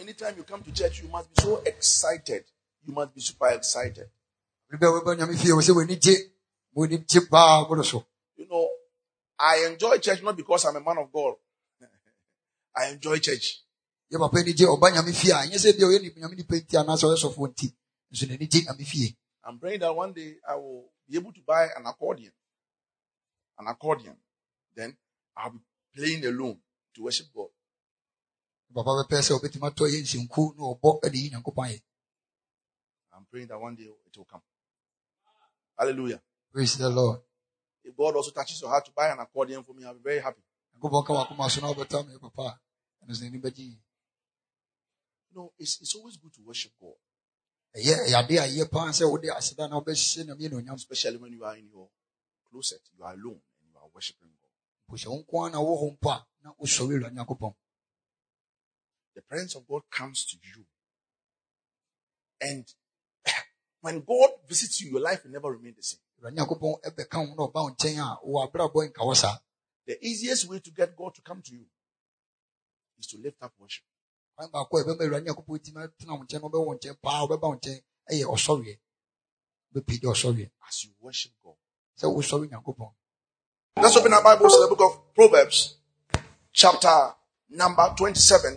Anytime you come to church, you must be so excited. You must be super excited. You know, I enjoy church not because I'm a man of God. I enjoy church. I'm praying that one day I will be able to buy an accordion. An accordion. Then I'll be playing alone to worship God. papa bɛpɛ sɛ obɛtumi atɔ yɛ nhyɛnku na ɔbɔ de yi nyankopɔn ayɛ I'm praying that one day it will come. Hallelujah. Praise the Lord. If God also touches your to buy an accordion for me, I'll be very happy. You know, it's, it's always good to worship God. Especially when you are in your closet, you are alone and you are worshiping God. The presence of God comes to you. And when God visits you, your life will never remain the same. The easiest way to get God to come to you is to lift up worship. As you worship God. Let's open our Bibles to the book of Proverbs, chapter number 27.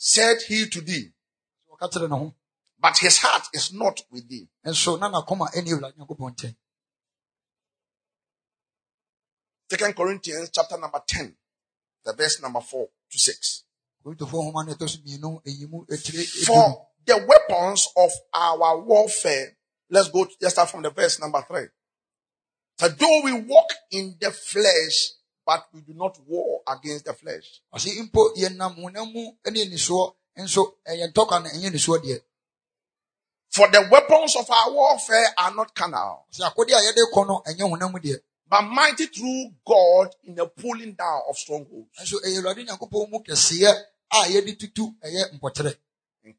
said he to thee, but his heart is not with thee. And so Second Corinthians chapter number 10, the verse number 4 to 6. For the weapons of our warfare, let's go, to, let's start from the verse number 3. That though we walk in the flesh, but we do not war against the flesh. For the weapons of our warfare are not carnal. But mighty through God in the pulling down of strongholds.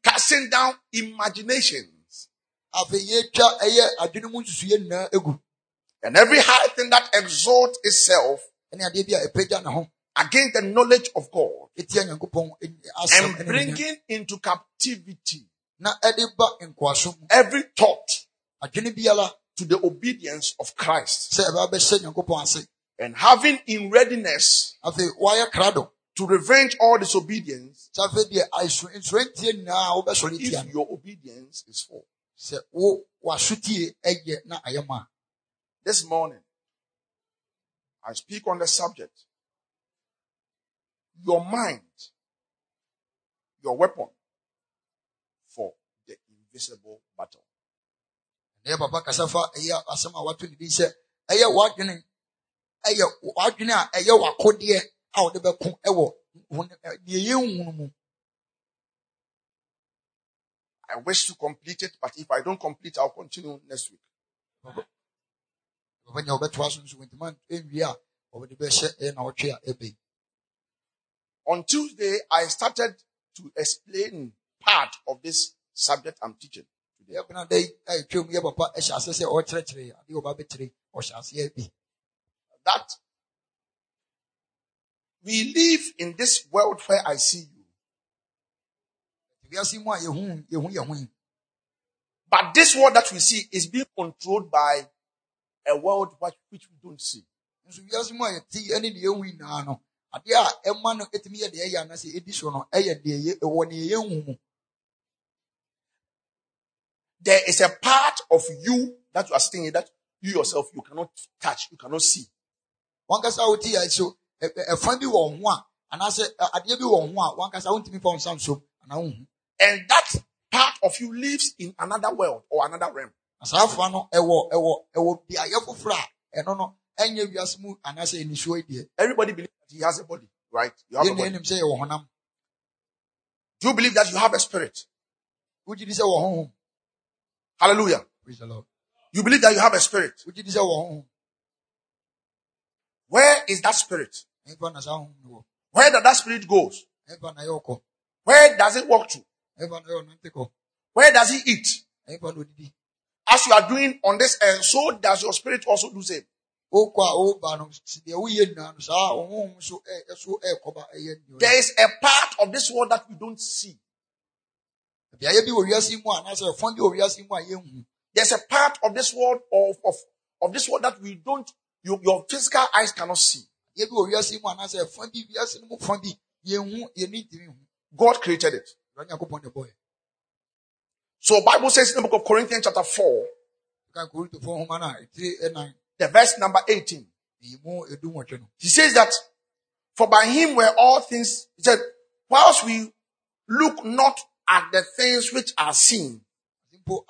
Casting down imaginations. And every high thing that exalts itself against the knowledge of God and bringing into captivity every thought to the obedience of Christ and having in readiness to revenge all disobedience if your obedience is full. This morning, I speak on the subject. Your mind, your weapon for the invisible battle. ɛyɛ papa kasa fa ɛyɛ asɛm a wato ne sɛ ɛyɛ wadwene ɛyɛ wadwene a ɛyɛ wakodeɛ a bɛko ɛwɔ deɛ mu I wish to complete it, but if I don't complete, I'll continue next week a eh, eh, On Tuesday, I started to explain part of this subject I'm teaching today. Eh, oh, that we live in this world where I see you. But this world that we see is being controlled by a world which, we don't see. nso wiase mu a any ɛne we ɛwu nyinaa no adeɛ a man no ɛtumi yɛ deɛ ɛyɛ anaasɛ I say, no ɛyɛ deɛ ɛyɛ one deɛ ɛyɛ nhu There is a part of you that you are staying, that you yourself you cannot touch, you cannot see. One kasa wo ti yɛ so a bi wɔ one a anaasɛ adeɛ bi wɔ ho a one one." wɔn ti mi fa wɔn nsa nso anaa wɔn hu. And that part of you lives in another world or another realm asraafoɔ no ɛwɔ ɛwɔ ɛwɔ will foforɔ a ɛno no ɛnyɛ wiase mu anaasɛ nisuo yi deɛ. everybody believes that he has a body right you have a body. yɛn sɛ yɛ wɔ honam. do you believe that you have a spirit. wogyi di sɛ wɔ honhom. hallelujah. praise the lord. you believe that you have a spirit. wogyi di sɛ wɔ honhom. where is that spirit. ɛnfa na wɔ. where does that spirit go? ɛnfa na yɛ ɔkɔ. where does it walk to. ɛnfa na yɛ ɔnante kɔ. where does he eat. ɛnfa na odidi as you are doing on this earth, so does your spirit also do same. There is a part of this world that we don't see. There's a part of this world of, of, of this world that we don't, you, your physical eyes cannot see. God created it. So Bible says in the book of Corinthians chapter 4, the verse number 18, he says that, for by him were all things, he said, whilst we look not at the things which are seen, but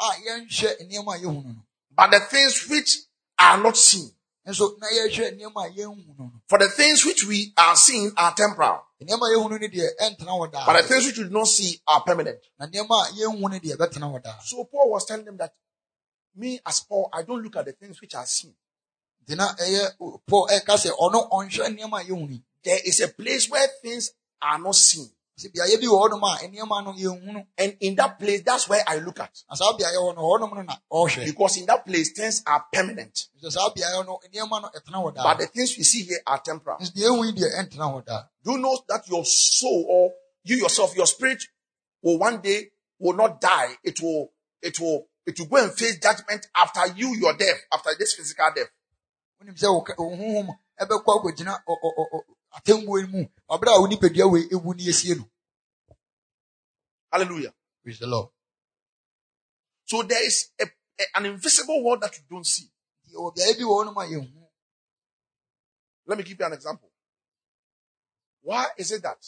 the things which are not seen. For the things which we are seeing are temporal. But the things which you do not see are permanent. So Paul was telling them that me as Paul, I don't look at the things which I see. There is a place where things are not seen. And in that place, that's where I look at. Because in that place, things are permanent. But the things we see here are temporal. Do you know that your soul or you yourself, your spirit will one day will not die. It will, it will, it will go and face judgment after you, your death, after this physical death. Hallelujah. Praise the Lord. So there is a, a, an invisible world that you don't see. Let me give you an example. Why is it that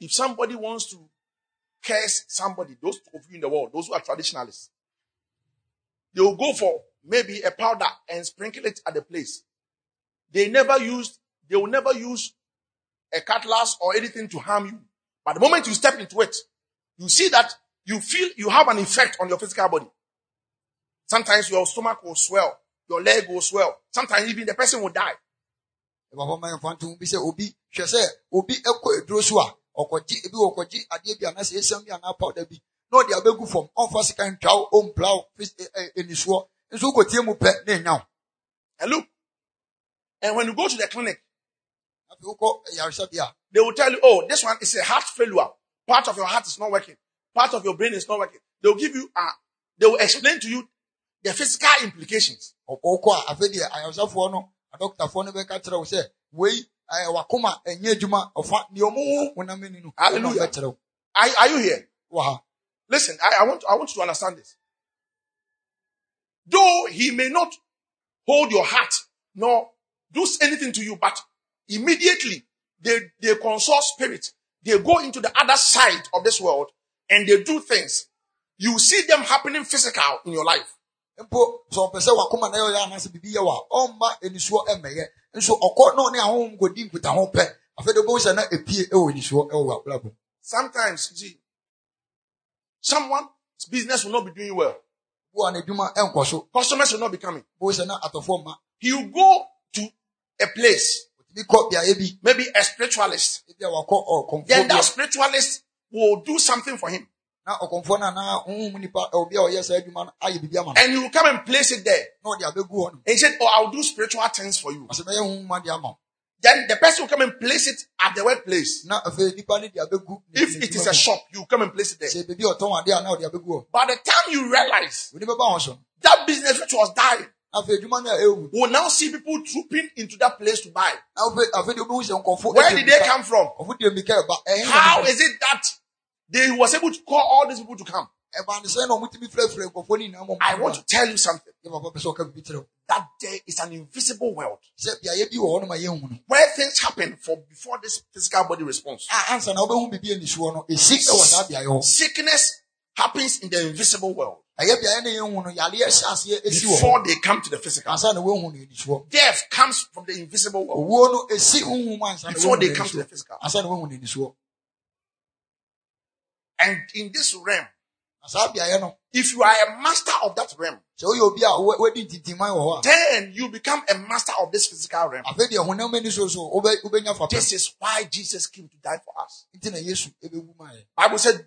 if somebody wants to curse somebody, those of you in the world, those who are traditionalists, they will go for maybe a powder and sprinkle it at the place. They never used, they will never use a cutlass or anything to harm you. But the moment you step into it, you see that you feel you have an effect on your physical body. Sometimes your stomach will swell, your leg will swell. Sometimes even the person will die. Obi, Obi, she okoji, okoji, ebi bi No, they are begu from unfast kind chow, own blow in his war. And so go tiemu pe now. And look, and when you go to the clinic, they will tell you, oh, this one is a heart failure. Part of your heart is not working. Part of your brain is not working. They'll give you a, ah, they will explain to you the physical implications. Hallelujah. Are, are you here? Wow. Listen, I, I, want, I want you to understand this. Though he may not hold your heart nor do anything to you, but immediately they, they consult spirit they go into the other side of this world and they do things. You see them happening physical in your life. sometimes see someone's business will not be doing well. customers will not be coming. he will go to a place Maybe a spiritualist. Then that spiritualist will do something for him. And he will come and place it there. And he said, Oh, I'll do spiritual things for you. Then the person will come and place it at the right place. If it is a shop, you come and place it there. By the time you realize that business which was dying, will eh, oh. now see people trooping into that place to buy. Where did they come from? Eh, eh, How is it that they was able to call all these people to come? I want to tell you something. That day is an invisible world where things happen for before this physical body responds. Ah, sickness happens in the invisible world. Before they come to the physical, death comes from the invisible world. Before they come to the physical. And in this realm, if you are a master of that realm, then you become a master of this physical realm. This is why Jesus came to die for us. Bible said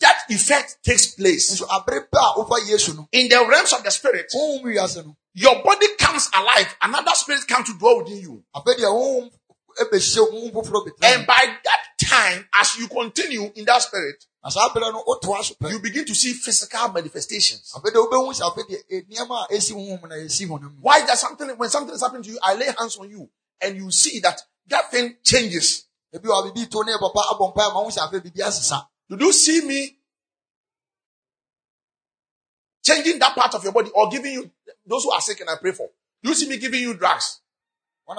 that effect takes place. In the realms of the spirit, your body comes alive, another spirit comes to dwell within you. And by that time, as you continue in that spirit, you begin to see physical manifestations. Eh, Why that something when something is happening to you, I lay hands on you and you see that that thing changes. Did you see me changing that part of your body or giving you those who are sick and I pray for? Do you see me giving you drugs? Do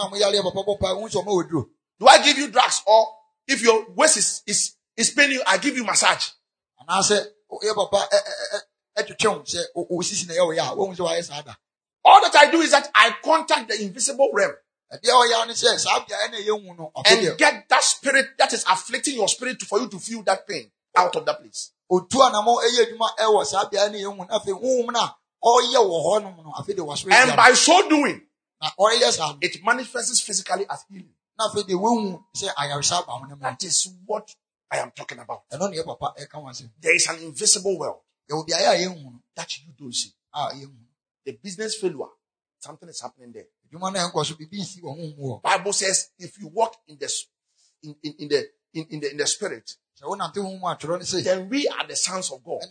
I give you drugs or if your waist is, is, is paining you, I give you massage? And I say, all that I do is that I contact the invisible realm. Oh, and get that spirit that is afflicting your spirit for you to feel that pain out of that place. And by so doing, it manifests physically as healing. That is what I am talking about. There is an invisible world that you don't see. The business failure, something is happening there. Bible says if you walk in the in, in, in the in, in, the in the spirit, then we are the sons of God.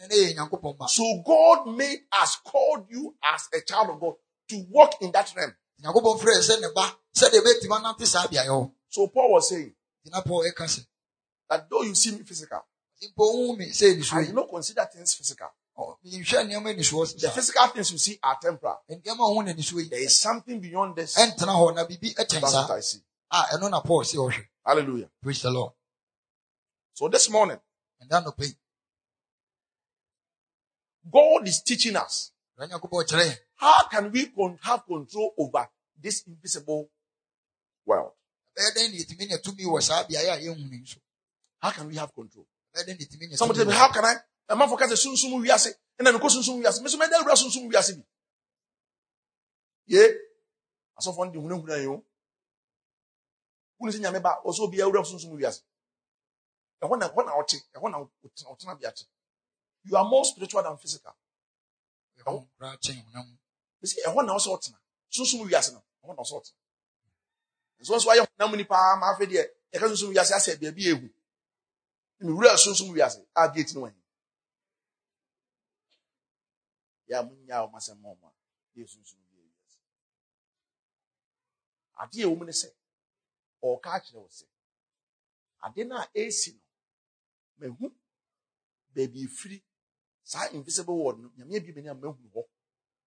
So God made us, called you as a child of God to walk in that realm. So Paul was saying that though you see me physical, I do not consider things physical. The physical things you see are temporal. There is something beyond this. That's what I see. Ah, Hallelujah. Praise the Lord. So this morning, God is teaching us how can we have control over this invisible world? How can we have control? Somebody tell me, how can I? A man forecast a soon soon we are saying, and then the question soon we are saying, Mr. Mendel, soon soon we are saying. Yeah. As of one day, we know who also be a real soon soon we are saying. ɛhɔ na ɛhɔ na ɔte ɛhɔ na ɔtena bi ate you are more spiritual than physical. ɛhɔ kura kyɛn wɔn ho. bisi ɛhɔ na ɔsɛ ɔtena sunsun wiase na ɛhɔ na ɔsɛ ɔtena nso nso ayɛ honam ni paa maa fɛ deɛ yɛka sunsun wiase asɛ beebi ehu nwura sunsun wiase a bi eti wɔn yi yɛ a mo nya a wɔn asɛm wɔn a yɛ sunsun wiase adeɛ ɛwɔ mu ne sɛ ɔɔka akyerɛ wɔ sɛ ade no a ɛresi no mehu baabi efiri saa invisible world no nyamea bi meni a mehu hɔ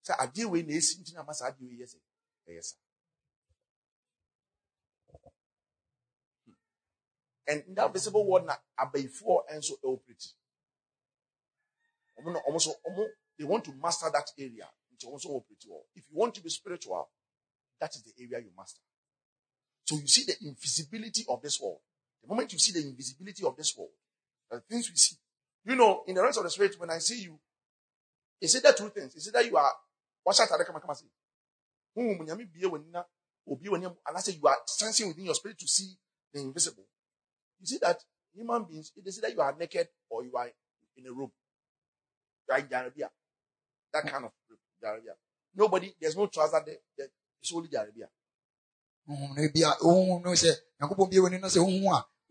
sɛ adeɛ wei na esi ntina ama saa adeɛ wei yɛ sɛ ɛyɛ sa hmm. and that visible word, na abayifoɔ nso ɛwɔpiriti wɔn na wɔn so wɔn they want to master that area nti wɔn nso ɛwɔpiriti wɔ if you want to be spiritual that is the area you master so you see the invisibility of this world the moment you see the invisibility of this world The things we see. You know, in the rest of the spirit, when I see you, is it the two things? Is it that you are what shall I come and say? Whom when be when obi and I say you are sensing within your spirit to see the invisible. You see that human beings, it is either you are naked or you are in a robe. That kind of Jarabia. Nobody, there's no trouser there. there it's only the Jarabia.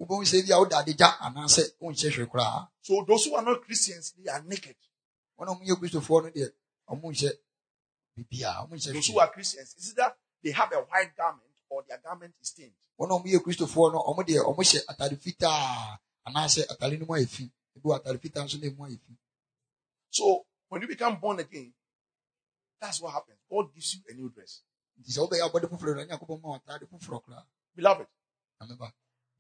wobɛhu sɛ bi a woda adagya anaasɛ wonhyɛ hwɛ koraa so those who are not christians they are naked wɔn a wɔyɛ kristofoɔ no deɛ wɔn nhyɛ biribiaa wɔn nhyɛ hwɛ those who are christians is it that they have a white garment or their garment is stained wɔn a wɔyɛ kristofoɔ no wɔn deɛ wɔn hyɛ atade fitaa anaasɛ atade no mu ayɛ fi ebi wɔ atade fitaa nso na emu ayɛ fi so when you become born again that's what happens god gives you a new dress nti sɛ wobɛyɛ abɔde foforɔ no nyakopɔn ma wɔn atade foforɔ koraa beloved remember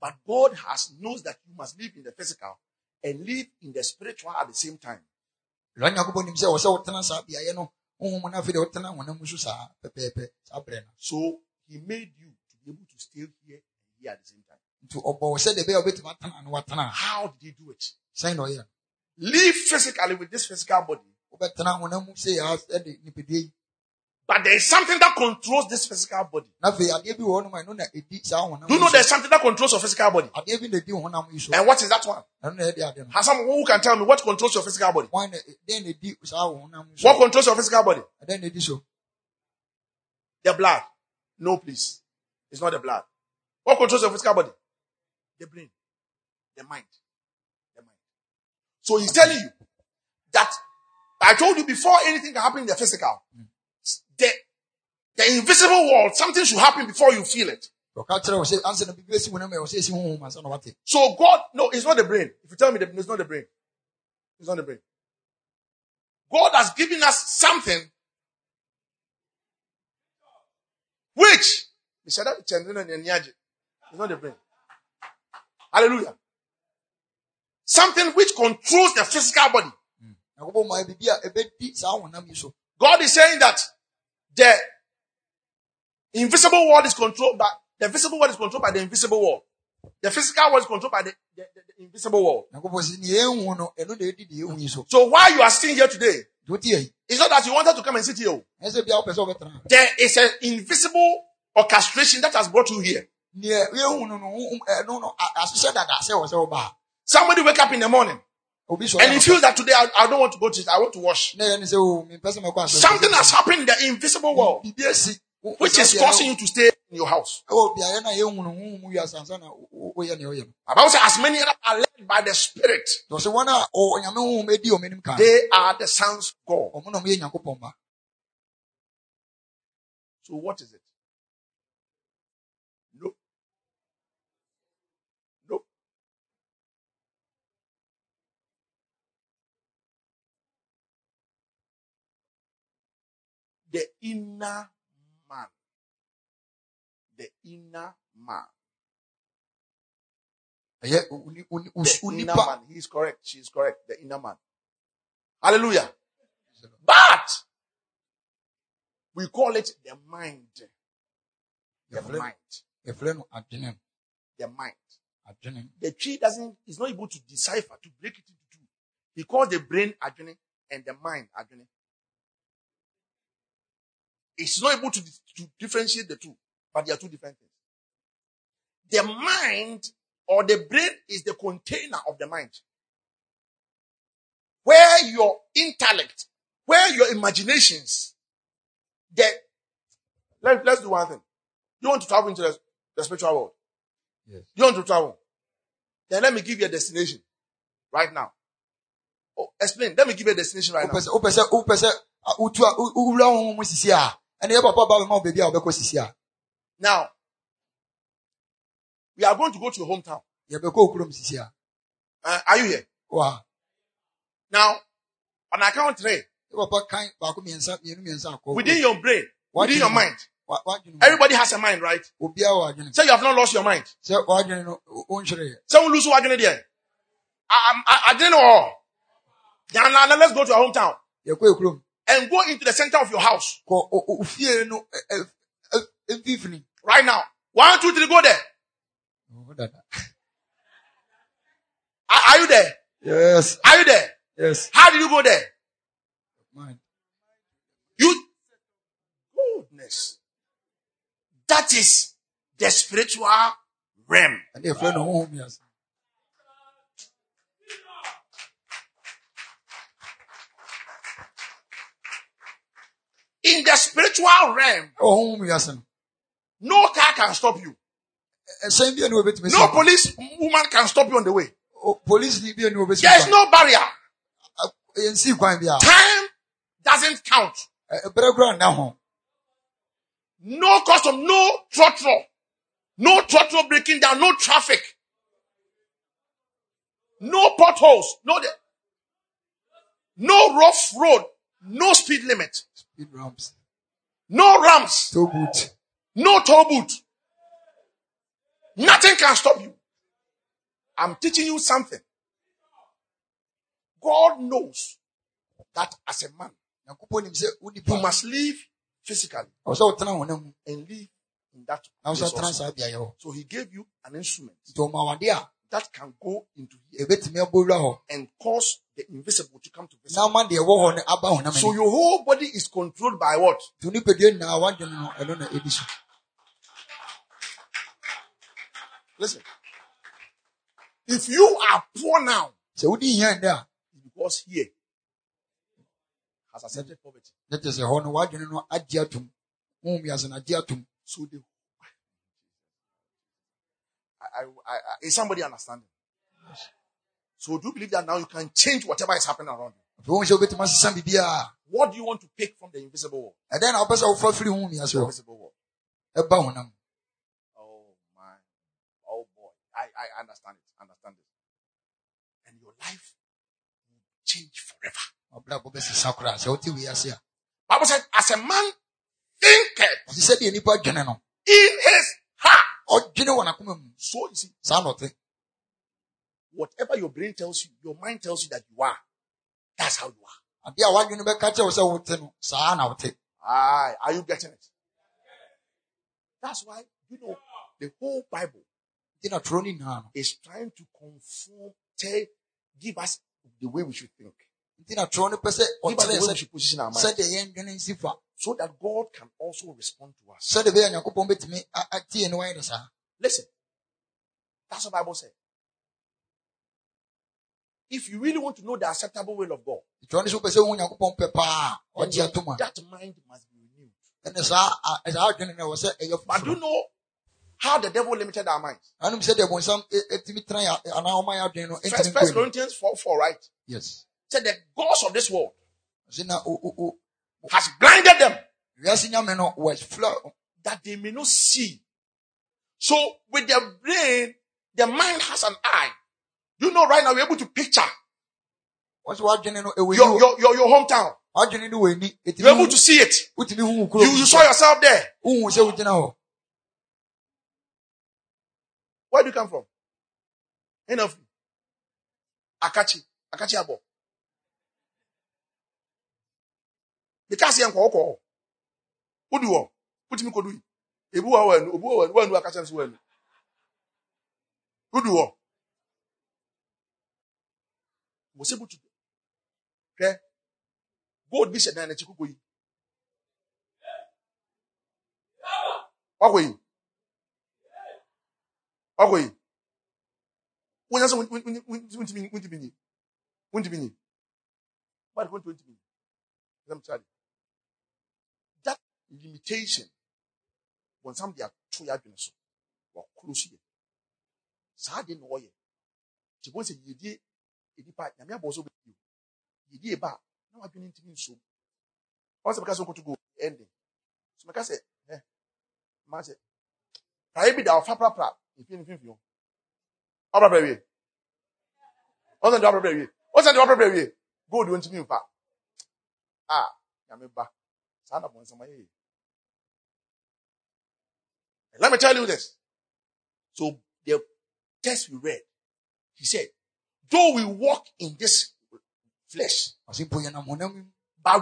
But God has knows that you must live in the physical and live in the spiritual at the same time. So he made you to be able to stay here and be at the same time. How did he do it? Live physically with this physical body. But there is something that controls this physical body. Do you know there's something that controls your physical body? And what is that one? Has someone who can tell me what controls your physical body? What controls your physical body? The blood. No, please. It's not the blood. What controls your physical body? The brain. The mind. The mind. So he's telling you that I told you before anything can happen in the physical. Mm the, the invisible world, something should happen before you feel it. So God, no, it's not the brain. If you tell me the, it's not the brain. It's not the brain. God has given us something which it's not the brain. Hallelujah. Something which controls the physical body. Hmm. God is saying that the invisible world is controlled by the visible world is controlled by the invisible world. The physical world is controlled by the, the, the invisible world. So why you are sitting here today, it's not that you wanted to come and sit here. There is an invisible orchestration that has brought you here. Somebody wake up in the morning. And he feels that today I, I, don't want to go to it, I want to wash. Something has happened in the invisible world which is causing you to stay in your house. Bible says, as many are led by the Spirit, they are the sons of God. So, what is it? The inner man. The inner man. the inner man. He's correct. She's correct. The inner man. Hallelujah. But we call it the mind. The, mind. The, the mind. The tree doesn't is not able to decipher to break it into two. He calls the brain adrenaline and the mind adrenaline. It's not able to, to differentiate the two, but they are two different things. The mind or the brain is the container of the mind. Where your intellect, where your imaginations, the, let, let's do one thing. You want to travel into the, the spiritual world? Yes. You want to travel? Then let me give you a destination right now. Oh, explain. Let me give you a destination right now. ɛne yɛ papa ba ma wo baabi a wobɛkɔ sisi a now we are going to go to your hometown yɛbɛkɔ okurom sisi a are you here wa now on account three yɛ papa kan baako mmiɛnsa mmienu mmiɛnsa akɔ within your brain within your mind Everybody has a mind, right? Say you have not lost your mind. Say you lose what there. I, I, didn't know. Now, now, let's go to your hometown. and go into the center of your house. Right now. One, two, three, go there. Oh, are, you there? Yes. Are you there? Yes. How did you go there? Mine. You goodness. That is the spiritual realm. And they wow. In the spiritual realm, oh, no car can stop you. Eh, eh, no police woman can stop you on the way. Oh, there is no barrier. Eh, Time doesn't count. No custom, no throttle, no throttle breaking down, no traffic, no potholes, no, no rough road, no speed limit. No rams. No rams. Toe boot. No toe boot. Nothing can stop you. I'm teaching you something. God knows that as a man, you must live physically and live in that place So he gave you an instrument that can go into and cause the invisible to come to visible. So your whole body is controlled by what? Listen. If you are poor now, because here has accepted poverty. That is a honor. Why do you know adiatum? Um, has an adiatum. So they. I, I, I, is somebody understanding? So do you believe that now you can change whatever is happening around you? What do you want to pick from the invisible world? And then I'll pass out for free home as well. Invisible world. Oh my. Oh boy. I, I understand it. Understand it. And your life will change forever. Bible says, as a man thinketh he said in his heart. So you see. Whatever your brain tells you, your mind tells you that you are. That's how you are. Aye, are you getting it? That's why you know the whole Bible is trying to conform, tell, give us the way we should think. Give us the way we should position our mind. So that God can also respond to us. Listen, that's what the Bible says. If you really want to know the acceptable will of God, that mind must be renewed. But do you know how the devil limited our minds? First, First Corinthians 4 4, right? Yes. Said the gods of this world oh, oh, oh. has blinded them that they may not see. So, with their brain, the mind has an eye. You know, right now we're able to picture eh, your, your, your, your hometown. You're able to see it. You, you saw yourself there. Where do you come from? Any of you? Akachi. Akachi Abo. Because you are Who do you Put me Kodui. Ebu Awen. Ebu Awen. When do Akachi Who do you want? was able to okay? gold bi hyɛ dan n'akyi koko yi ɔkɔ yi ɔkɔ yi wọn yasa wuntumi wuntumi nyi wuntumi nyi wọn yasa Let me tell you. that limitation wọn sam de ato yɛ adwene so wɔkoro so yɛ saa de na wɔyɛ te bɔ sɛ nipa nyame abɔ so bɛyɛ yɛdi eba na wadwene ntumi nso ɔn sɛ mɛka sɛ nkoto go ending mɛka sɛ ɛ mmaa sɛ praeɛ bi da ɔfa prapra mfin mfinfin ɔprapra wie ɔn sɛ deɛ ɔprapra wie ɔn sɛ deɛ ɔprapra wie gold wɔn ntumi nfa a nyame ba saa na bɔn nsɛm ayɛ let me tell you this so the text we read he said though we walk in this flesh, but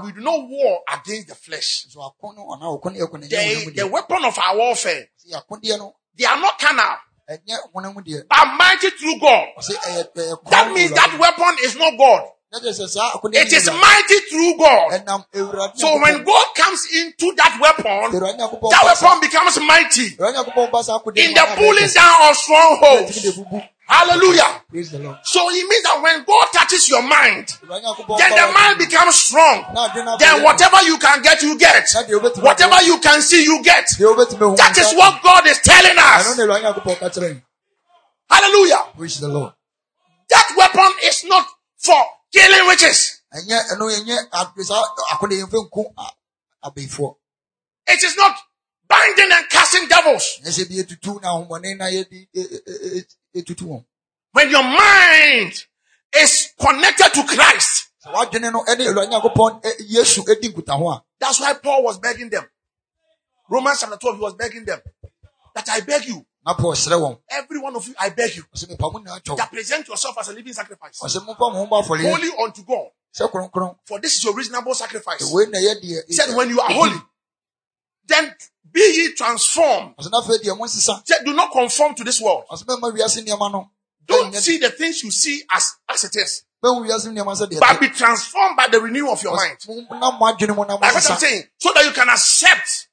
we do not war against the flesh. The, the weapon of our warfare, they are not carnal. Eh, but mighty through God. Eh, eh, that means that weapon is not God. It is mighty through God. So when God comes into that weapon, that weapon becomes mighty in the pulling down of strongholds. Hallelujah. Praise the Lord. So it means that when God touches your mind, then the mind becomes strong. Then whatever you can get, you get. Whatever you can see, you get. That is what God is telling us. Hallelujah. Praise the Lord. That weapon is not for killing witches. Uh, uh, it is not binding and casting devils. When your mind is connected to Christ. That's why Paul was begging them. Romans chapter 12, he was begging them that I beg you. Every one of you, I beg you that present yourself as a living sacrifice, holy unto God. For this is your reasonable sacrifice. He said, when you are holy, then be ye transformed. Do not conform to this world. Don't see the things you see as, as it is. But be transformed by the renewal of your mind. That's what I'm saying. So that you can accept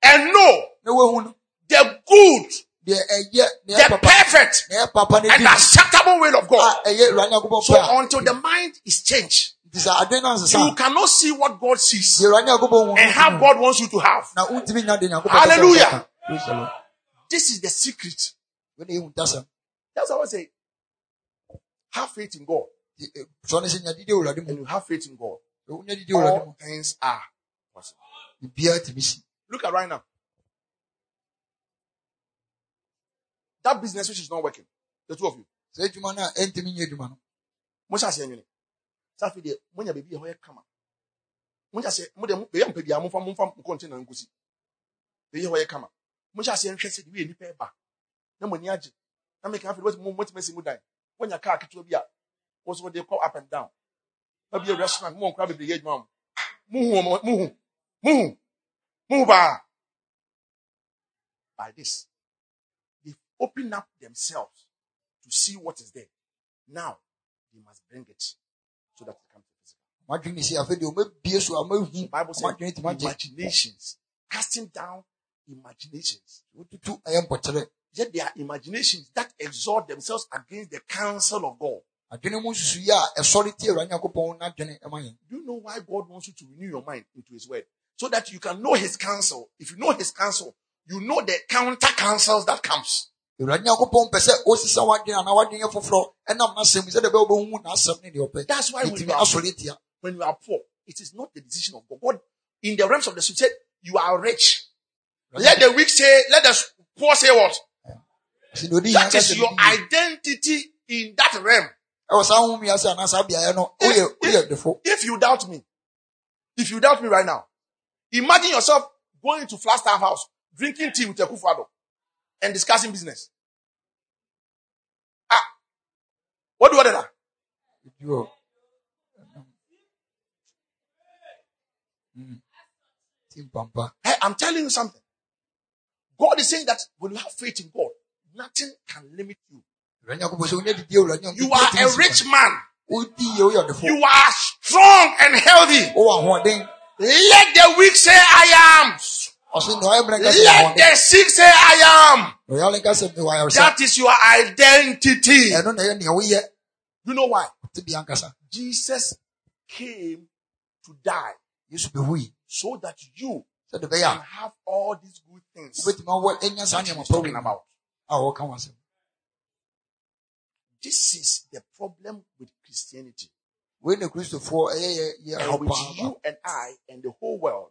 and know the good, the perfect, and acceptable will of God. So until the mind is changed. You cannot see what God sees and how God wants you to have. Hallelujah. This is the secret. That's how I say. Have faith in God. Eh, and you have faith in God. All things are possible. Look at right now. That business which is not working. The two of you. Musa saying saa afei deɛ monya baabi yɛ hɔ yɛ kama monya sɛ mo deɛ bɛyɛ mpɛ bia momfa momfa nkɔnte na nkosi bɛyɛ hɔ yɛ kama mohyɛ aseɛ nhwɛ sɛ deɛ nipa ɛba na mo ani agye na meka afei wɔtumi wɔtumi asi mu dan wɔnya kaa ketewa bi a wɔn so wɔde kɔ up and down babi yɛ restaurant mo wɔn kora bebree yɛ adwuma mo muhu wɔn muhu muhu muhu baa by this they open up themselves to see what is there now they must bring it so that it comes to physical. The Bible says imaginations, casting down imaginations. Yet there are imaginations that exalt themselves against the counsel of God. Do you know why God wants you to renew your mind into His Word? So that you can know His counsel. If you know His counsel, you know the counter counsels that comes. That's why we you, are, when you are poor, it is not the decision of God. God in the realms of the spirit you are rich. Let the weak say, let the poor say what? That is your identity in that realm. If, if, if you doubt me, if you doubt me right now, imagine yourself going to Flagstaff House, drinking tea with a kufado and discussing business. Ah, what do you order? You. Hmm. Hey, I'm telling you something. God is saying that when you have faith in God, nothing can limit you. You are a rich man. You are strong and healthy. Let the weak say, I am let the sick say, I am. That is your identity. You know why? Jesus came to die so that you can have all these good things oh, This is the problem with Christianity. When the Christian and with you and I and the whole world,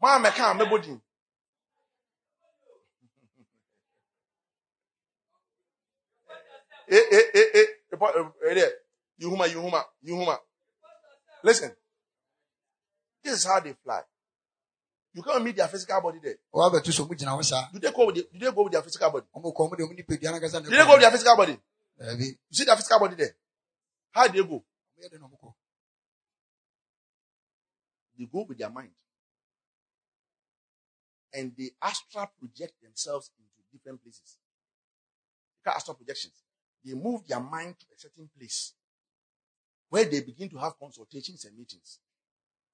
Why am I can Eh, eh, eh, eh, eh, you huma, you huma, you huma. Listen, this is how they fly. You can't meet their physical body there. Do they go with, the, do they go with their physical body? Do they go with their physical body? You see their physical body there? How do they go? They go with their mind and they astral project themselves into different places. You astral projections. They move their mind to a certain place where they begin to have consultations and meetings.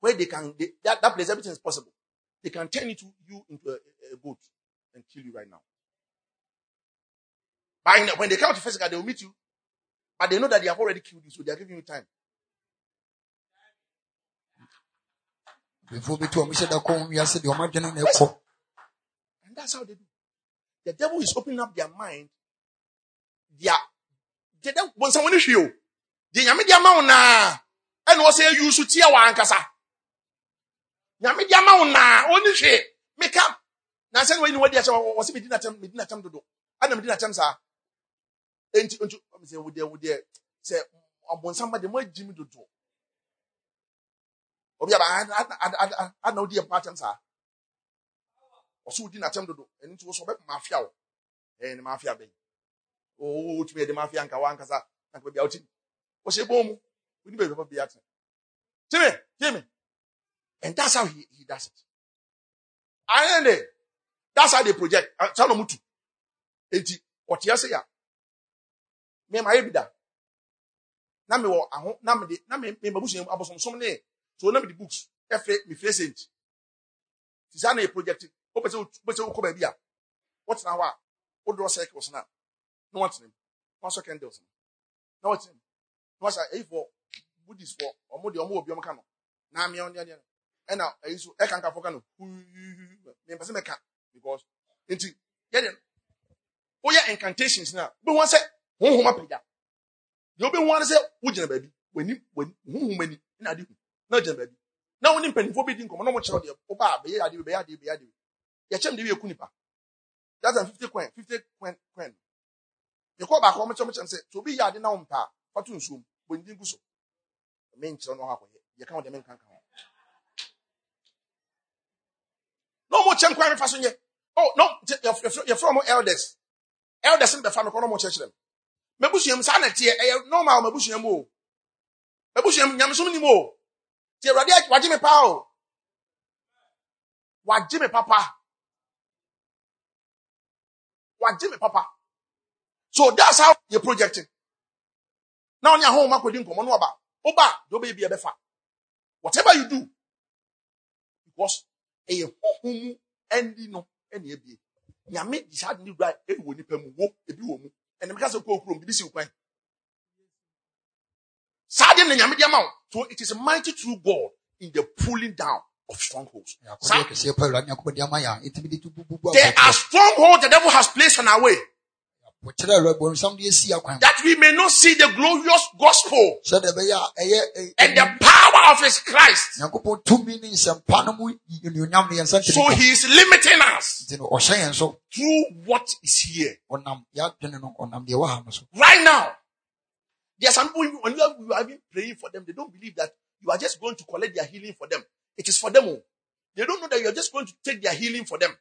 Where they can, they, that, that place, everything is possible. They can turn into you into a, a, goat and kill you right now. But when they come to physical, they will meet you. But they know that they have already killed you, so they are giving you time. Before me to a mission, I call me, are said, a call. And that's how they do. The devil is opening up their mind. Their the devil when someone is you. The nyame dia ma na and what say you should tear one kasa. Nyame dia ma na oni hwe make up. Na say when we dey say was be dinner time dinner time dodo. Ana dinner time sa. Enti enti me say we dey we dey say abonsam ba de mo jimi dodo. Obi aba ana ana ana I odi e part time sa. ɔsɛ wodi n'akyɛm dodo ɛno nti wosɔ bɛpɛ mafia wɔ ɛɛ ne mafia bɛyi oo wotumi yɛ de mafia nka wankasa anka baabi a wotim wɔhyɛ bɔn mu woni baabi papa bi atena timi timi and that's how he he does it ayɛn de that's how they project ah, saa na ɔmo tu eti ɔteɛ se ya mmɛma ayɛ bi da na mi wɔ aho na mi de na mi mi ma busua abosomsom ne so na mi de books ɛfɛ mi fɛ senti sisan na yɛ projecting wopɛ sɛ wopɛ sɛ wokɔ baabi a wɔtena hɔ a wodorɔ circles no a na wɔtena mu na wɔasɔ candles no na wɔtena mu na wɔahyɛ ayifoɔ buddhistfoɔ ɔmo deɛ ɔmo wɔ bi ɔmo ka no na amea ɔne adeɛ no ɛna ayi so ɛka nkafoɔ ka no huuhuuhu mɛmpɛ sɛ mɛka because nti yɛde no woyɛ incantations no a wobɛhu sɛ honhom apagya deɛ wobɛhu ara sɛ wogyina baabi w'ani w'ani honhom ani ɛna ade hu na wogyina baabi na wo ne mpanimfoɔ bi di nkɔmmɔ na wɔkyerɛw deɛ wobaa bɛyɛ adeɛ bɛyɛ adeɛ bɛyɛ adeɛ yɛkyɛm de bi yɛku nipa that's a fifty coin fifty coin coin yɛkɔ baako wɔn kyɛm kyɛm sɛ sɛ obi yɛ ade na wɔn paa fato nsuom bonyini gu so ɛmɛ nkyerɛ no ɔhakɔ yɛ yɛka wɔn deɛ mɛ nkanka wɔn na wɔn kyɛm kwan nifa so nyɛ oh no yɛfrɛ wɔn elders elders no bɛfa mi kɔ na wɔn kyerɛkyerɛ mi mɛ busua mu saa na teɛ ɛyɛ normal mɛ busua mu o mɛ busua mu nyamusom ni mu o tie awurade wagye mi paa o wagye mi papa. Jimmy Papa? So that's how you're projecting. Now you're home, Mako Dinko, Monoba, Oba, do baby a befa. Whatever you do, because a home ending no any a be. Yame decide new right, everyone pemu, woke, a buomu, and the because of cold room, this is when. Sadden and Yamidiamount. So it is a mighty true God in the pulling down of strongholds. Some, there are strongholds the devil has placed on our way. That we may not see the glorious gospel eh, eh, eh, and the power of his Christ. So he is limiting us through what is here. Right now, there are some people, when you are, been praying for them, they don't believe that you are just going to collect their healing for them. It is for them. Oh. They don't know that you are just going to take their healing for them.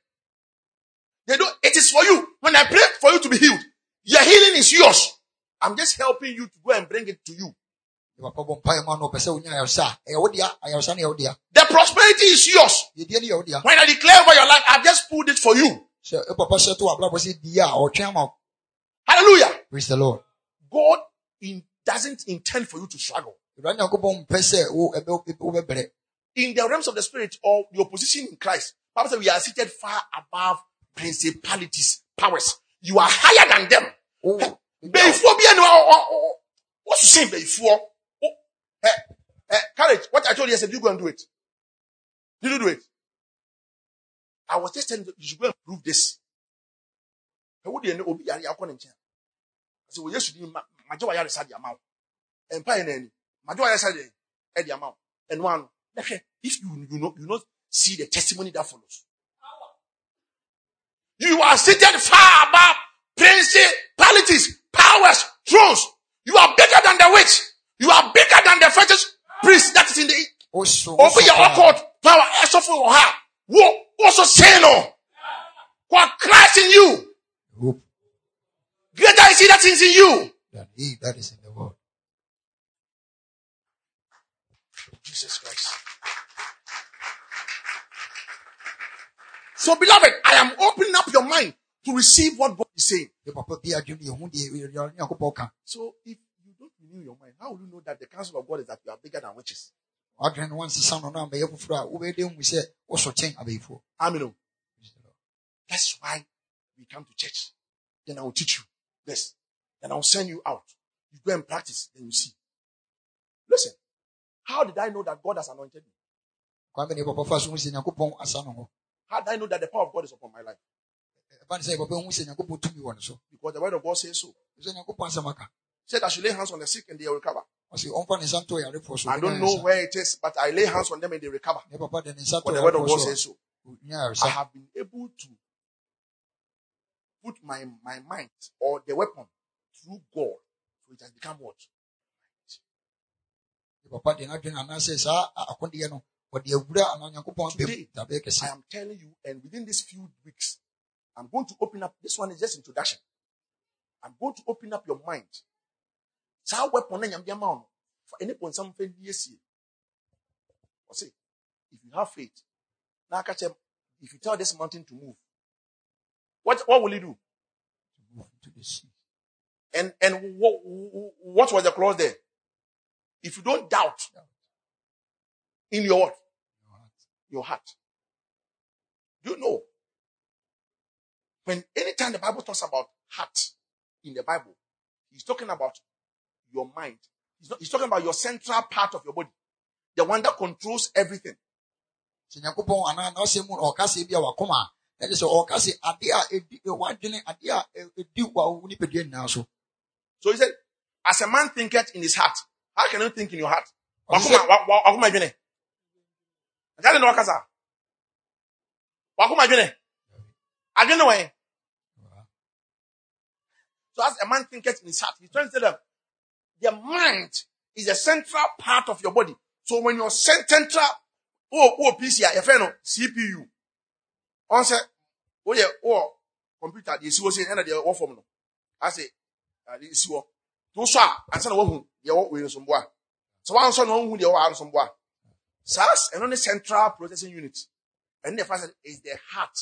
They don't, it is for you. When I prayed for you to be healed, your healing is yours. I'm just helping you to go and bring it to you. The prosperity is yours. When I declare over your life, I've just pulled it for you. Hallelujah. Praise the Lord. God in, doesn't intend for you to struggle in the realms of the spirit or your position in Christ, Bible says we are seated far above principalities, powers. You are higher than them. Oh, before being what's the same before? Oh, eh, eh, courage. What I told you yesterday, you go and do it. Did you do it? I was just telling you, you should go and prove this. I said, well, know? you yari akɔ ne nkyɛn. Sɛ wòye sudi ma ma jɛ wa yari sa di ama wo. Mpa yɛ if you, you, not, you not see the testimony that follows, you are seated far above principalities, powers, thrones. You are bigger than the witch. You are bigger than the fetish priest that is in the also, also your occult power ẹsọ fún wọn ha what also say no for Christ in you Hope. greater is he that is in you than he that is in the world Jesus Christ. So, beloved, I am opening up your mind to receive what God is saying. So, if you don't renew your mind, how will you know that the counsel of God is that you are bigger than witches? Oh, That's why we come to church. Then I will teach you this. Then I will send you out. You go and practice, then you see. Listen, how did I know that God has anointed me? How do I know that the power of God is upon my life? Because the word of God says so. Said I should lay hands on the sick and they will recover. I don't know where it is, but I lay hands on them and they recover. But the word of God says so. I have been able to put my, my mind or the weapon through God. So it has become what? Today, I am telling you, and within these few weeks, I'm going to open up. This one is just introduction. I'm going to open up your mind. For any point say, if you have faith, now catch him. If you tell this mountain to move, what what will he do? Move into the sea. And and what what was the clause there? If you don't doubt in your what? your heart. Do you know? When anytime the Bible talks about heart in the Bible, he's talking about your mind. He's, not, he's talking about your central part of your body, the one that controls everything. Eh, eh, so he said, as a man thinketh in his heart, how can you think in your heart? agyaade na I do adwene adwene why. so as a man thinketh in his heart he's trying to tell them the mind is a central part of your body so when your central oh oh pc a you know cpu answer, oh yeah, oh computer deɛ esi wɔ se ɛna deɛ I say, no ase ade esi wɔ to so a the na wɔhu deɛ some boy. So sɛ wɔn ansɔ na wɔn hu deɛ ɛwɔ some boy. SARS ɛno ne central processing unit and the first is the heart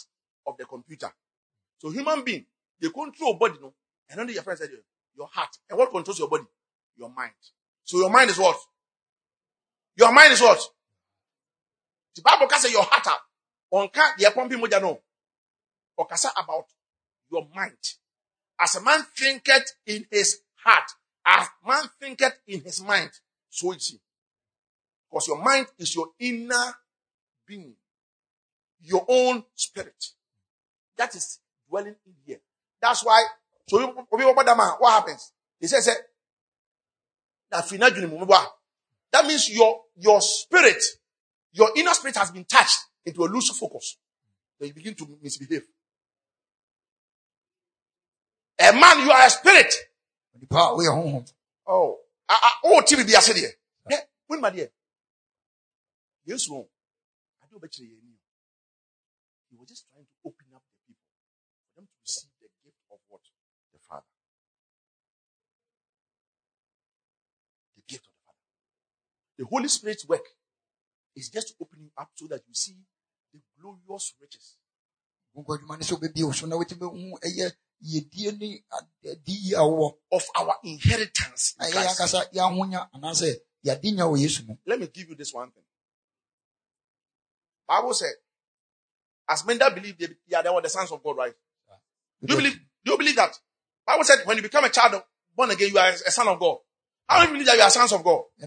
of the computer so human being they control your body no And only your fɛn said your heart and what controls your body your mind so your mind is what your mind is what the bible can say your heart up, a the deɛ pɔmpi mogya no ɔkasa about your mind as a man thinketh in his heart as man thinketh in his mind so is he. Because your mind is your inner being, your own spirit. That is dwelling in here. That's why, so what happens? He says, that means your, your spirit, your inner spirit has been touched into a loose focus. Then you begin to misbehave. A man, you are a spirit. Oh, ah, ah, oh, TV be a city. Eh, when my dear, yesu I do better than you. he was just trying to open up the people for them to receive the gift of what the father the gift of the father the holy spirit's work is just to open you up so that you see the glorious riches. Of our inheritance. In Let me give you this one thing. Bible said, as men that believe, they, are they were the sons of God, right? Yeah. Do you believe? Do you believe that? Bible said, when you become a child of born again, you are a son of God. How do you believe that you are sons of God? How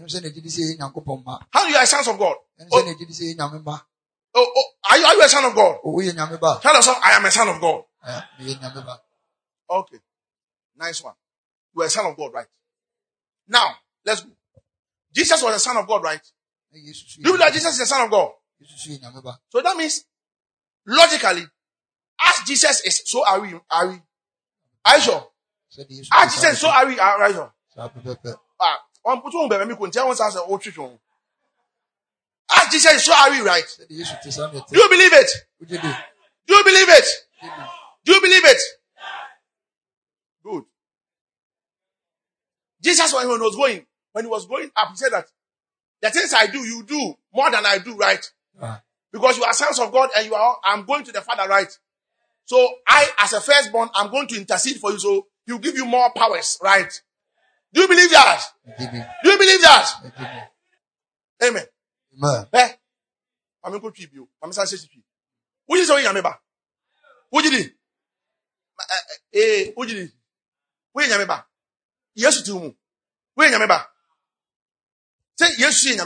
do you are sons of God? Oh, oh, oh are, you, are you a son of God? Tell us, I am a son of God. Okay, nice one. You are a son of God, right? Now, let's go. Jesus was a son of God, right? Do you believe that Jesus is a son of God? So that means, logically, as Jesus is, so are we. Are we? Are you sure? As Jesus, so are we. Are you sure? Ah, one put one baby, me tell one thousand old children. As Jesus so are we, right? Do you believe it? Do you believe it? Do you believe it? Good. Jesus, when he was going, when he was going up, he said that the things I do, you do more than I do, right? Because you are sons of God and you are, I'm going to the Father, right? So I, as a firstborn, I'm going to intercede for you. So he'll give you more powers, right? Do you believe that? Do you believe that? Amen. Amen. Eh? I'm going to you. I'm going to you. Eh, eh, eh, what is your name? did you Eh, what did you What did you Yes, to who? What you Say, yes, you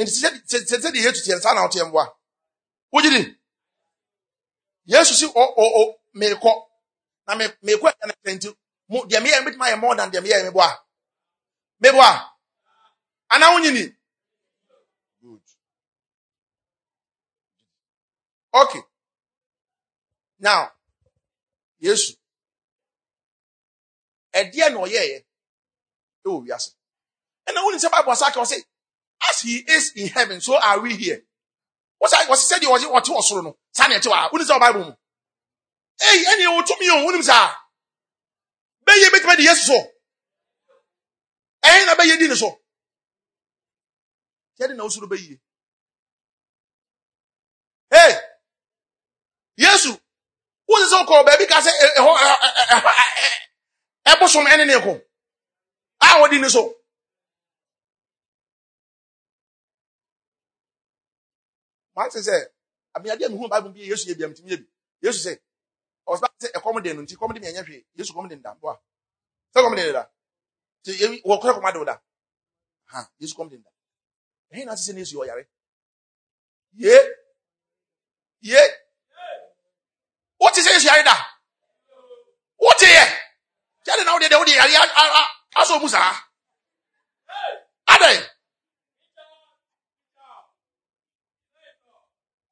nti sɛdeɛ yesu teɛ saa na woteɛ mboa wogye di yesu si ɔɔɔ meekɔ na meekɔ ɛyɛ no nti mu deɛ meyɛ no bɛtumi ayɛ more than deɛ meyɛ meboa meboa anaa wonyini good okay now yesu ɛdeɛ na ɔyɛɛyɛ ɛwɔ wiase ɛna wonim sɛ bible asa ka ɔ sɛ as he is in heaven so are we here What's wɔsi sɛ deɛ wɔsi wɔte wɔ soro no saa na ɛte wɔ ha wɔn Bible. Hey, any mu eyi ɛni ewu tumi o wɔn nisɛ bɛyɛ bɛtuma di yesu so Ain't na be ye ni so yɛde na osoro bɛyie hey yesu wɔsi is ɔkɔ called baby? sɛ ɛhɔ ɛhɔ ɛbosom ɛne ne ko a wɔdi so. wọn ase sɛ amiadeɛ mi hu baabu bi yesu yɛ bi ti mi yɛ bi yesu sɛ ɔsaba sɛ ɛkɔm den no nti kɔm den mi ɛnyɛ hwee yesu kɔm den da bɔ a sɛ kɔm den da ti ewi wɔ kɔrɛ kɔm adew da ha yesu kɔm den da ɛyin naa sɛ ne yesu yɛ ɔyare ye ye o ti sɛ yesu yare da o ti yɛ kyɛ de na o de de o de yare aso mu saa adai.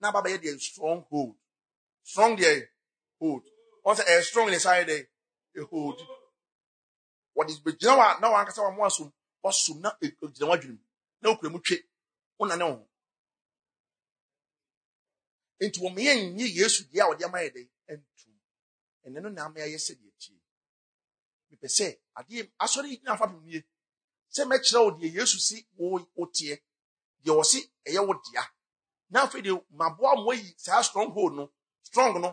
na Baba bɛyɛ deɛ strong hold strong deɛ hold ɔsɛ ɛyɛ strong deɛ sáré deɛ hold wɔde gyina wa na wɔn ankasa wɔn asom wɔsom na gyina wɔn adwene mu na okura mu twe wɔn nan ho nti wɔn yɛn nye yesu deɛ a wɔde ama yɛ deɛ ntum ɛnɛ no na ama yɛ sɛdeɛ tie mepɛ sɛ adeɛ asɔre yi na afa pɛm yie sɛ mɛkyerɛ wo deɛ yesu si wo teɛ deɛ wɔsi ɛyɛ wo dea na afei de maboa mo ayi saa strong hold no strong no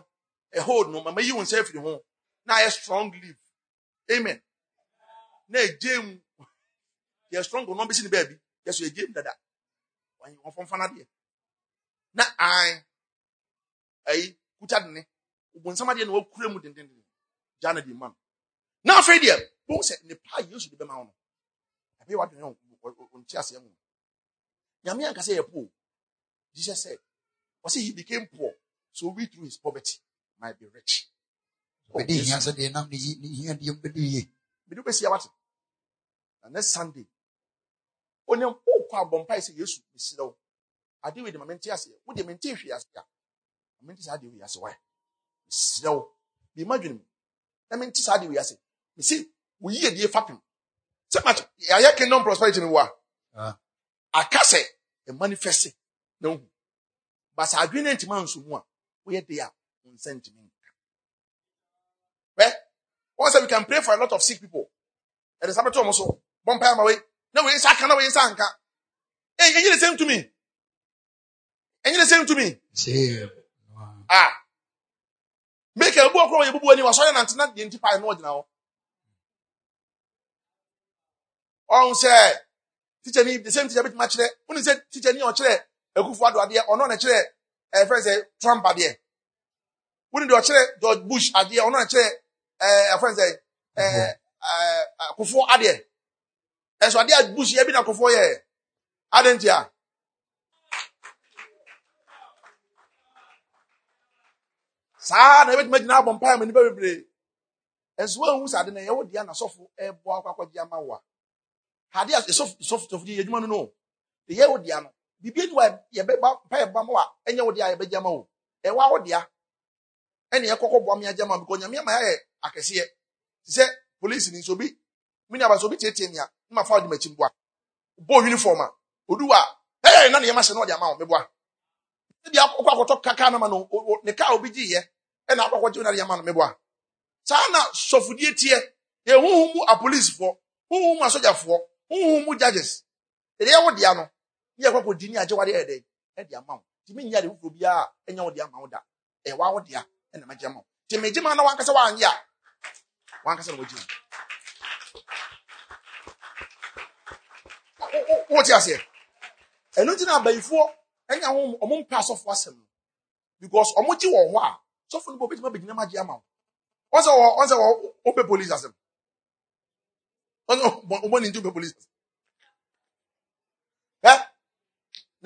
a hold no mama yi wo nsa afiri ho na ayɛ strong leaf amen na egye mu yɛ strong no bɛsi ne baabi yɛ so egye mu dada wɔn fɔnfɔn adeɛ na an ayi kuta de ne obonsam adeɛ na wakura mu dendenden gya na de ma no na afei deɛ wɔn sɛ nipa yesu de bɛma wɔn ɛbi wa de ne wɔn wɔn ti aseɛ wɔn nyame ankasa yɛ po o. Jesus said, or see, he became poor, so we through his poverty might be rich. Oh, and next Sunday, only a poor bompai say, Yes, Miss Low. I deal with the momentias, with the mentation as ya. Mentis I deal with as why. Miss Low, imagine me. I mean, tis I deal with as it. You see, we hear the fapping. So much, I hear kingdom prosperity in war. Ah. I can say, and manifest it na ohu basa adwene ntima nso mu a woyɛ de a wo nsa ntumi nka bɛ wɔn sɛ we can pray for a lot of sick people ɛde sábɛ to wɔn so bɔ mpa ama wei na wei nsa aka na wei nsa nka ɛn ɛnyɛ de sɛ ntumi ɛnyɛ de sɛ ntumi a mbɛka ebu ɔkoro yɛ bubu ani wasɔre nante na deɛ nti paa na ɔgyina hɔ ɔn sɛ tikya ni the same tikya bi tuma kyerɛ wɔn sɛ tikya ni ɔkyerɛ. ekufu ado adeɛ ɔno na kyerɛ ɛɛ eh, fɛn sɛ eh, trump adeɛ wuli deɛ ɔkyerɛ george bush adeɛ ɔno na kyerɛ ɛɛ eh, fɛn sɛ ɛɛ ɛɛ akufo adeɛ ɛso adeɛ bush yɛ bi na akufo yɛ adeɛ ntia. saa na ebetumi gyina abɔ mpae ma nipa bebree nso wɔn ehu sade na yɛwɔ deɛ n'asɔfo ɛɛbɔ akɔ akɔgye ama wa adeɛ asɔfo sɔfo sɔfo deɛ yɛ edwuma no no deɛ yɛwɔ deɛ no biribi ni wa yɛbɛba mpa yɛ bama ɛnyɛ wo deɛ a yɛbɛgya ma wo ɛwɔ awo dea ɛna yɛkɔkɔ bɔ amia gya ma because nyamia ma yɛ akɛseɛ sɛ polisi ni nso mi ni aba so tietie nia n ma fa ɔdi ma ekyi bɔ a odu wa ɛyɛ na ne yɛ ma hyɛ na ɔde ama ebi akɔkɔ akɔtɔ kaka na ma no ne kaa obi gyi yɛ ɛna akɔkɔ gyi na de ama no meboa saa na sɔfodie yɛ kɔ kɔ di ni agyewadeɛ yɛ dɛ ɛde ama wo tìmí e nyia de foforɔ biara ɛnya wo de ama wo da ɛwɔ awo dea ɛna mɛgye ama wo tìmí gye ma na wankasa wanyɛ a wankasa na wagye wo wote aseɛ ɛno gyina abayifoɔ ɛnya ho ɔmo mpɛ asɔfo asɛm because ɔmo gye wɔ hɔ a sɔfo no bɔ obetuma bɛgyina ma gye ama wo ɔnsɛ wɔ ɔnsɛ wɔ ɔpɛ polisi asɛm ɔnsɛ ɔmɔ ni nti ɔpɛ polisi asɛm.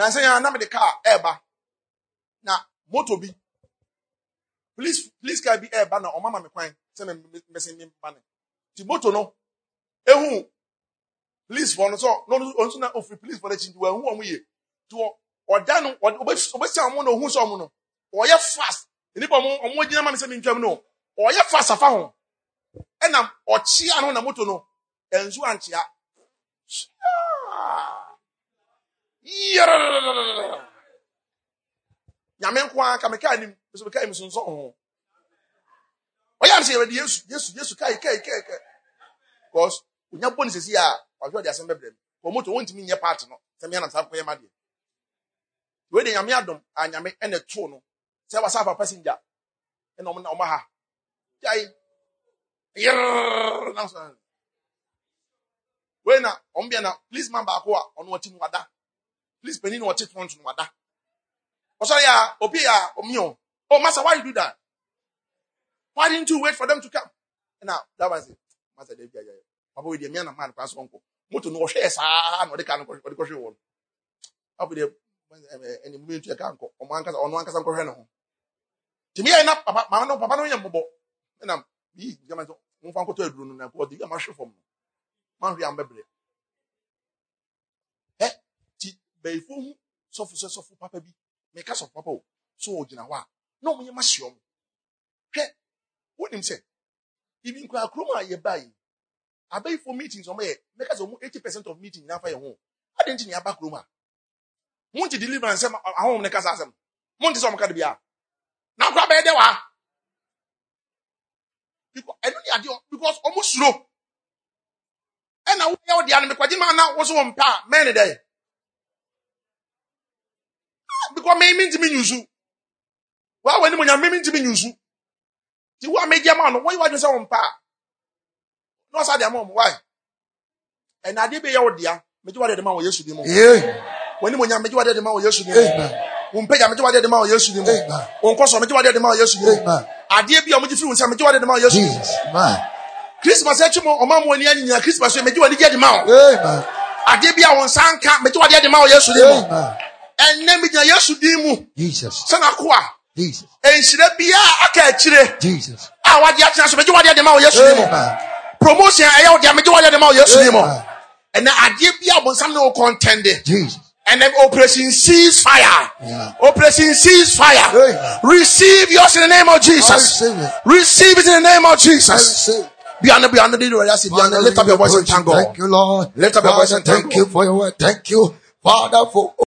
nansa ah, yɛn anam de kaa ɛɛba na moto bi police police car bi ɛɛba na ɔma ma mi kwan sɛnɛ mbɛsɛn mi ba ne ti moto no ehu police fɔ no sɔ n'olu onso na ofiri police fɔ n'akyi wa ehu wɔn yie ti wɔ ɔda no ɔbɛsi wɔn na ohun sɛ wɔn no ɔyɛ fast nipa wɔn wɔn gyina ma mi sɛ mi ntwam no ɔyɛ fast afa ho ɛna ɔkyea no na moto no ɛnso ankyea. nyame nko ara ka mekaa nim nso mekaa nim ho ɔyɛ ame sɛ yesu yesu yesu kai kai kai because onya bɔ sisi a wahwɛ ɔde asɛm bɛbrɛ mu wɔn moto wɔn ntumi nyɛ paati no sɛmi anam saa kɔyɛ de nyame adom a nyame ɛna ɛto no sɛ wasa na ha eh. na na na a mu Please, Benin, what it wants to know that. Oh, sorry, Obia, Oh, Master, why you do that? Why didn't you wait for them to come? now, that was it. Master, they are here. Papa, we are man, man, pass uncle. Mo to no share, sir, no, they can't go to the wall. I'll be there. And you move to your uncle. On one case, on one case, uncle Renan. To me, I know, Papa, Mama, Papa, no, you're mobile. And I'm, he's going to go to a drone and I'm going to go to a mushroom. Man, we are bebre. bɛyifo hu sɔfo sɛ sɔfo papa bi mɛka sɔfo papa o so ɔgyina hɔ a na ɔmo yɛ ma hyia ɔmo hwɛ wonim sɛ ibi nkura kurom a yɛba yi abɛyifo meetings ɔmo yɛ mɛka sɛ ɔmo eighty percent of meeting nyinaa fa yɛ ho adi nti na yaba kurom a mo nti deliverance sɛm ahom ne kasa asɛm mo nti sɛ ɔmo ka na akora bɛyɛ dɛ wa ɛno ne adeɛ because ɔmo suro ɛna wɔyɛ ɔdeɛ no maa na wɔso wɔn mpa mɛn dɛ. because mímí ntumi nyusu wàá wọ ẹnimu nya mímí ntumi nyusu ti wọ́n mi jẹ́ maa no wọ́n yí wájú sẹ́ wọn pa nọ́ọ̀sì àdìyà mọ́ ọ̀mù wáyé ẹ̀nà adé bẹ́ẹ̀ yẹ wọ́n dìá méjì wá dẹ́ẹ̀dẹ́ máa wọ̀ Yesu di mu wọ́n ẹnimu nya méjì wá dẹ́ẹ̀dẹ́ máa wọ̀ Yesu di mu wọ́n mpẹ́jà méjì wá dẹ́ẹ̀dẹ́ máa wọ̀ Yesu di mu wọ́n kọ́sọ̀ méjì wá dẹ́ẹ̀dẹ́ máa wọ̀ Yesu di mu adé bi ọmọ jífiri wọn sẹ́ méjì wá dẹ́ẹ̀dẹ́ máa wọ̀ Yesu di mu Christmas ẹ̀kí mu ọmọ àwọn ènìyàn nyina Christmas méjì wá dẹ́ẹ̀dẹ́ máa wọ̀ adé bi àwọn sáńkà méjì wá dẹ́ẹ̀dẹ́ máa wọ̀ Yesu di mu. Jesus. mi Jesus. yesu din mu sɛnɛ ko a nhyira biara aka akyire a wagye atena so megye wadeɛ de ma wɔ yesu din mu promotion a ɛyɛ wodeɛ megye wadeɛ de ma wɔ yesu din mu ɛnna adeɛ bi a cease fire yeah. operation cease fire yeah. receive yours in the name of jesus receive it in the name of jesus. Beyond the beyond the beyond lift up your voice and thank God. Thank you, Lord. Lift up your voice and thank, thank you for your word. Thank you, Father, for.